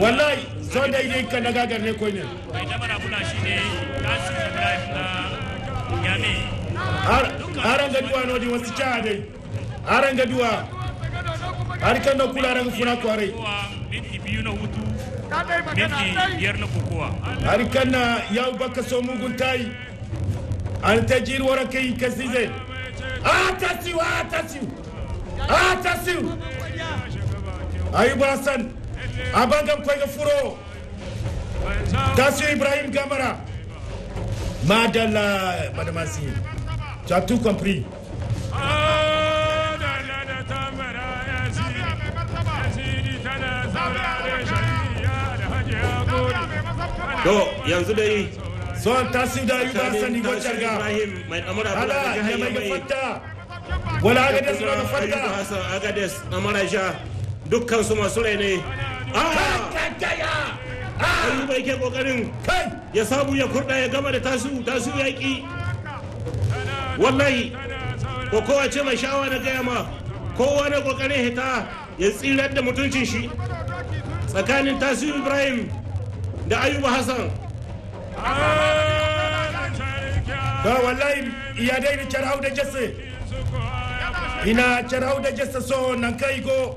wallahi zo daidai ka daga garne ko ne mai dabara bula ga duwa nodi wasu cha dai aran ga duwa har kan da kula ran funa kware minti biyu na hutu minti biyar na kokowa har kan na yau baka so mugun tayi an ta jirwar kai kasize a tasiu a tasiu a tasiu ayuba san Abang abanga mkwege furo kasi ibrahim gamara Madalah pada tu as tout compris to yanzu dai so an tasu da yuba sani gocharga Ada yang mai ga fatta ada agades na fatta agades amara ja dukkan su Kai ba yake kokarin kai ya samu ya kurda ya gama da tasu tasu yaƙi. Wallahi ko kowa ce mai sha'awa na gaya ma kowa na kokarin hita ya tsirar da mutuncin shi tsakanin tasu Ibrahim da Ayuba Hassan. Ba wallahi iyadai da carau da jesse. Ina carau da jesse so nan kai go.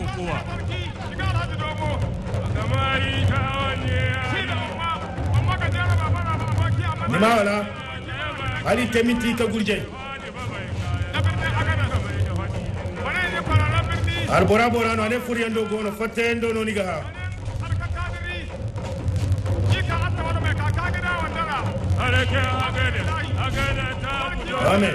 kokowa nimawala hali temiti ka gurje ar bora bora no ane furiyando gono fattendo no niga ha Amen.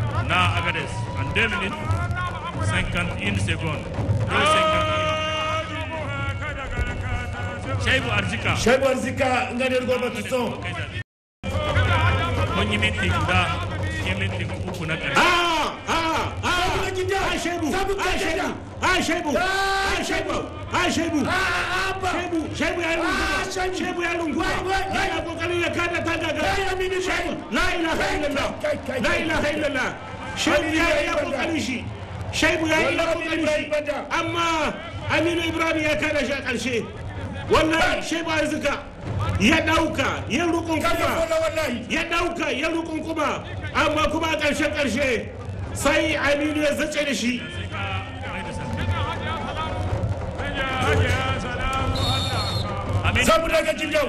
na Agadez en 2 minutes 51 secondes. Arzika. Shaibu Arzika nga ne goma tuso. Mun yi minti guda, yi minti uku na ƙarshe. Ah, ah, ah, ah, Shaibu, ah, Shaibu, ah, Shaibu, ah, Shaibu, ah, Shaibu, Shaibu, Shaibu ya rungu, Shaibu ah, ya rungu, yana kokarin ya kada ta daga. La ilaha illallah, la ilaha illallah, la ilaha illallah. shaibu ya yi kokarin shi shaibu ya yi kokarin shi amma aminu ibrahim ya kada shi a karshe wannan shaibu arzika ya dauka ya rukun kuma ya dauka ya rukun kuma amma kuma a karshe karshe sai aminu ya zace da shi saboda ga jinjau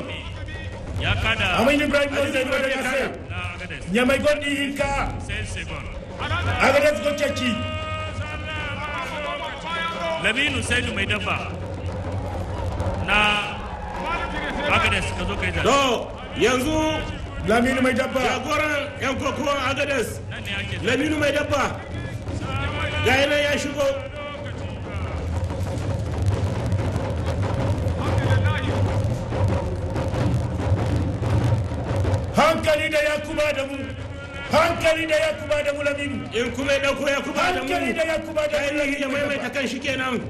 ya kada aminu ibrahim ya zai ya mai gwanin ka. agadas goceci labinu saidu mai dabba na agadas ka zo kai to yanzu laminu mai dabba jagoran yan kokowar agadas laminu mai dabba ga yana ya shigo hankali da ya kuma da mu hankali da yakuba da mulamin in kuma ya dauko da hankali da yakuba da mulamin ya maimaita kan shi kenan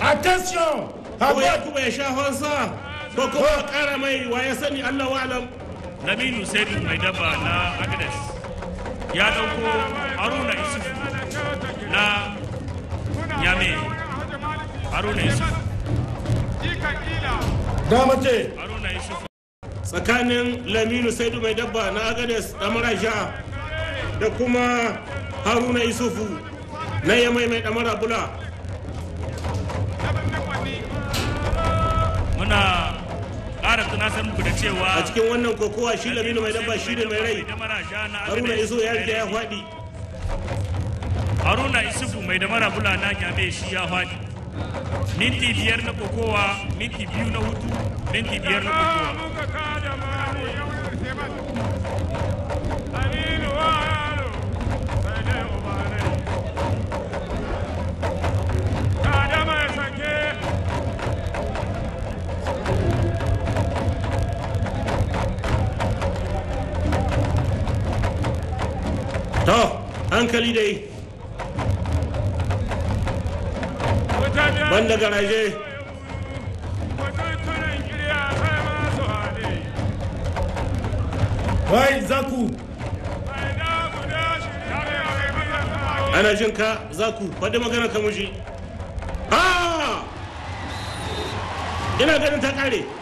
attention ko yakuba ya sha honsa ko kuma kara mai wa ya sani Allah wa alam Laminu Saidu mai daba na Agnes ya dauko Haruna Isufu na Yame Haruna Isufu Dama ce tsakanin laminu saidu mai dabba na agades da marasha da kuma haruna isufu na yamai mai damara bula muna ƙara tunasar muku da cewa a cikin wannan kokowa shi laminu mai dabba shi ne mai rai haruna isufu ya riga ya faɗi haruna isufu mai damara bula na gyame shi ya faɗi minti biyar na kokowa minti biyu na hutu minti biyar na kokowa hankali dai banda garaje wai zaku ana jin ka zaku faɗi magana ka muji ina ganin ta ƙare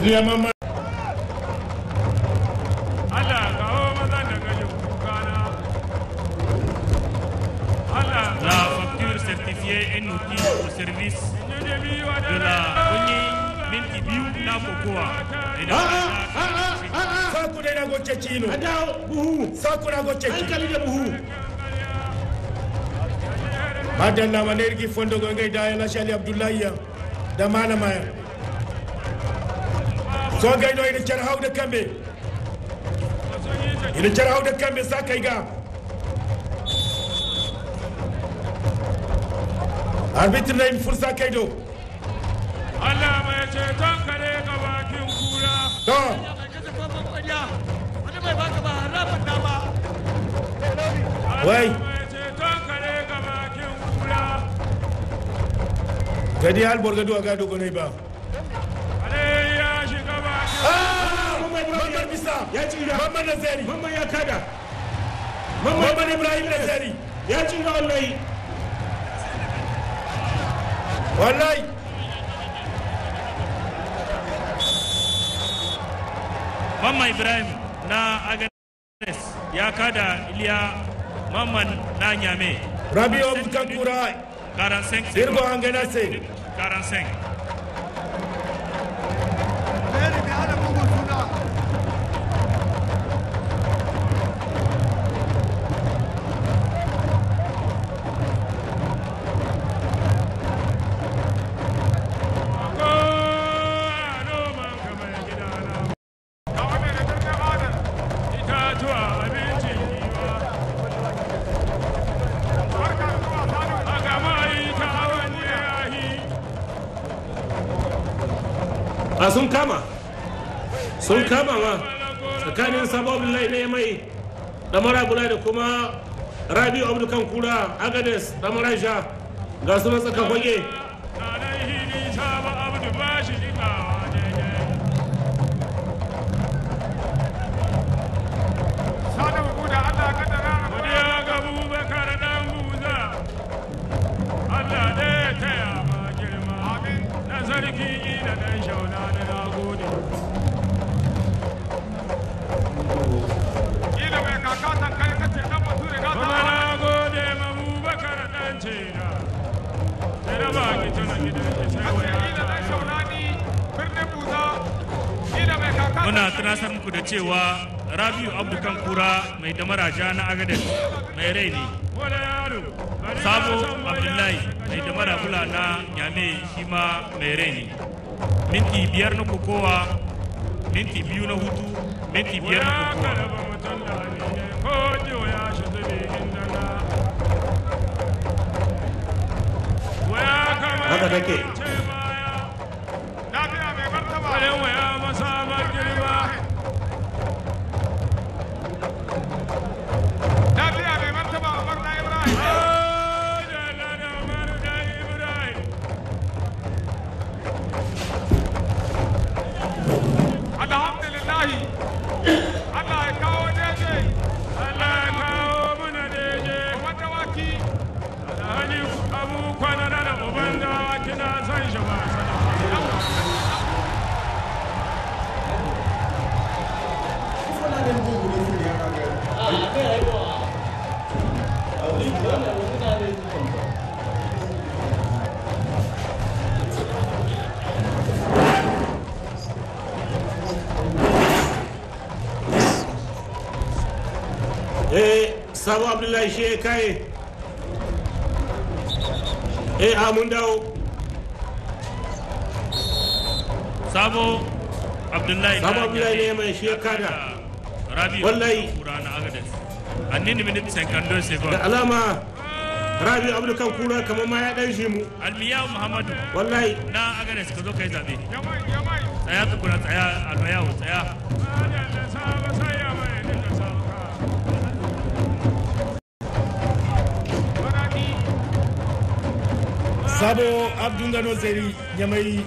Yamama. Allah kawo daga yankana. Allah. La facture certifiée est fondo gongai da ya lashe da malamaya. so gayno ina cara hawde kamɓe ina cara hawde kamɓe sakay ga arbitre nayi fursa kaydo allah mai ceton kare ga bakin kura to wani mai baka ba harafin na ba wai gadi halbor gado a gado gonai ba Mamman Bisa ya Mamman Mamman ya kada. Mamman Ibrahim ya wallahi. Wallahi. Mamman Ibrahim na Agnes ya kada Iliya Mamman na Nyame. Rabiu Kankura. 45 sirgo Angenase. 45. a sun kama sun kama ma tsakanin sabon lai ne mai damara bula da kuma rabi abdukan kura agades na sha ga su tsaka fage tunasar muku da cewa rabiu abukan kura mai ja na agadar mai rai ne sabo abdullahi mai damara bula na yame shi ma mai rai ne minti biyar na kokowa minti biyu na hutu minti biyar na kokowa haka take abu kwana da uban da eh a mun dawo sabo abdullahi sabo abdullahi ne mai shekara rabi wallahi kurana agades annini minit sen kando sefon ba alama rabi abdul kan kura kamar ma ya dan shi mu almiya muhammadu wallahi na agades ka zo kai zabe tsaya tukuna tsaya almiya tsaya sabo abdungano zeri nyamai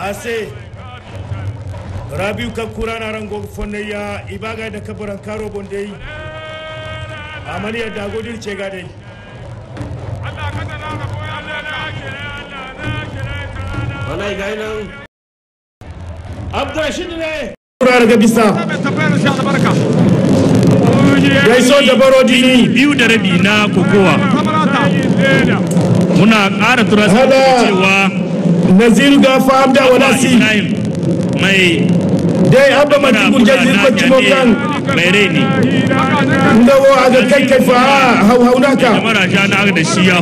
ase rabiu ka na rango ibaga da kabaran karo bondei amaliya dagodir cega dai wallahi ga nan abdurashid ne kura daga bisa gaiso da barodi biyu da rabi na kokowa muna ƙara turasa da cewa nazir ga fa'abda wa mai dai mati gurje ndawo aga kai kai fa hau hau naka mara na da shi ya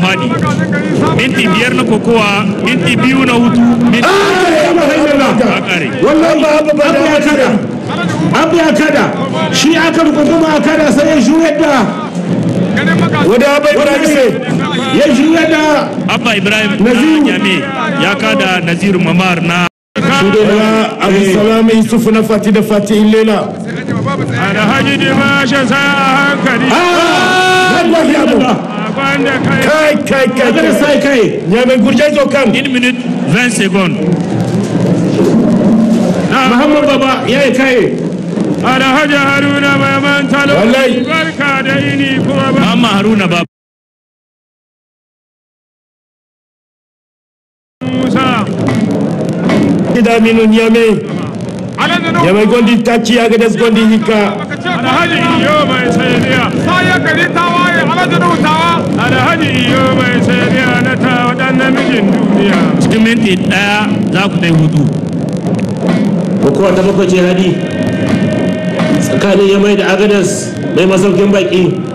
minti biyar na kokowa minti biyu na hutu minti ah, wallahi ba abba ba da kada abu ya kada shi aka rubuta ma kada sai ya shuyar da wadda abai ne ya juya da abba ibrahim naziru ya kada naziru mamar na Shugaba Abisalami Yusufu na fati da fati ilela. Ana haji dimashin sa a hankali. Ah, kai kai kai. kai sai kai. Ya mai gurje zo kan. 1 minute 20 second. Muhammad Baba yayi kai. Ana haji Haruna mai mantalo. Wallahi. Barka da ini kuma ba. Muhammad Haruna Baba. kida minu nyame ya mai gondi tachi agades gondi hika ana hadi iyo mai sayariya sai ya kari tawa ya alhaji rutawa alhaji iyo mai sayariya na ta wadannan mijin duniya cikin minti daya za ku dai hudu hukumar ta bakwai ce hadi tsakanin yamai da agadas mai masaukin baki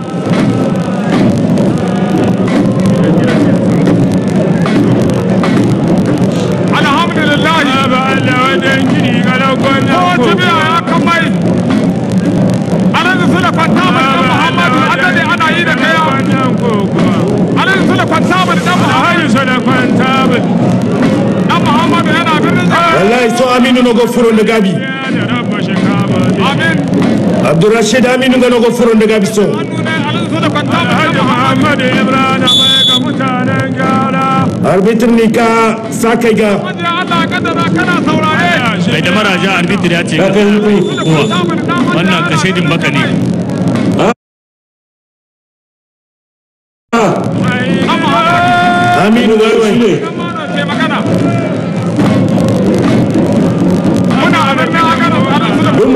ngano go furonde gabi abdourachid aminu ngano go furonde gabi so arbitr ni ka sa kai ga bai da maraja arbitr ya ce wannan baka ne aminu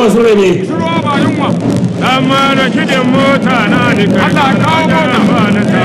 su rai ne amma da kidin mota na ni kai Allah kawo